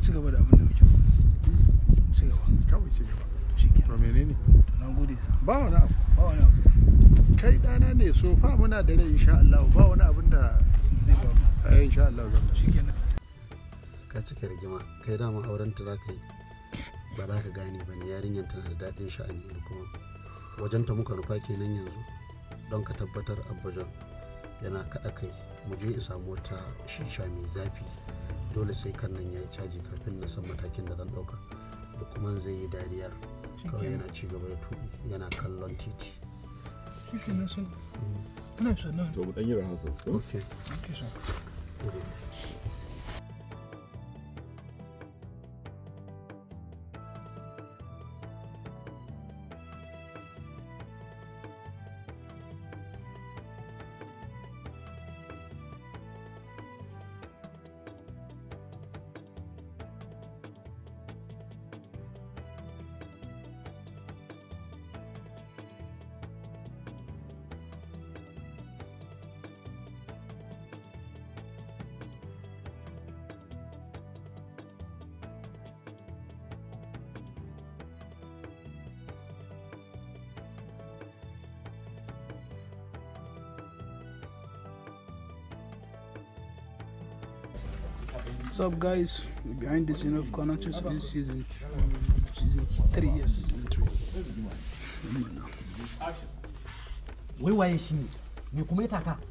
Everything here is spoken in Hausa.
ci gaba da abin da muke ci gaba kawai ci gaba to menene na gode ba wani abu ba wani abu kai dana ne so fa muna da rai insha Allah ba wani abin da ai eh, insha Allah zan shikenan ka cika rigima kai dama auren ta zaka yi ba za ka gane ba ne yarinyar tana da daɗin sha'ani da kuma wajen ta muka nufa kenan yanzu don ka tabbatar abbajon yana kaɗa kai mu je isa mota wata shisha mai zafi dole sai kan nan ya yi caji kafin na san matakin da zan ɗauka da kuma zai yi dariya kawai yana ci gaba da tuɗi yana kallon titi mm. sup guys behind the scene of conatus in season two, um, season three yes season three we were ishini nikumetaka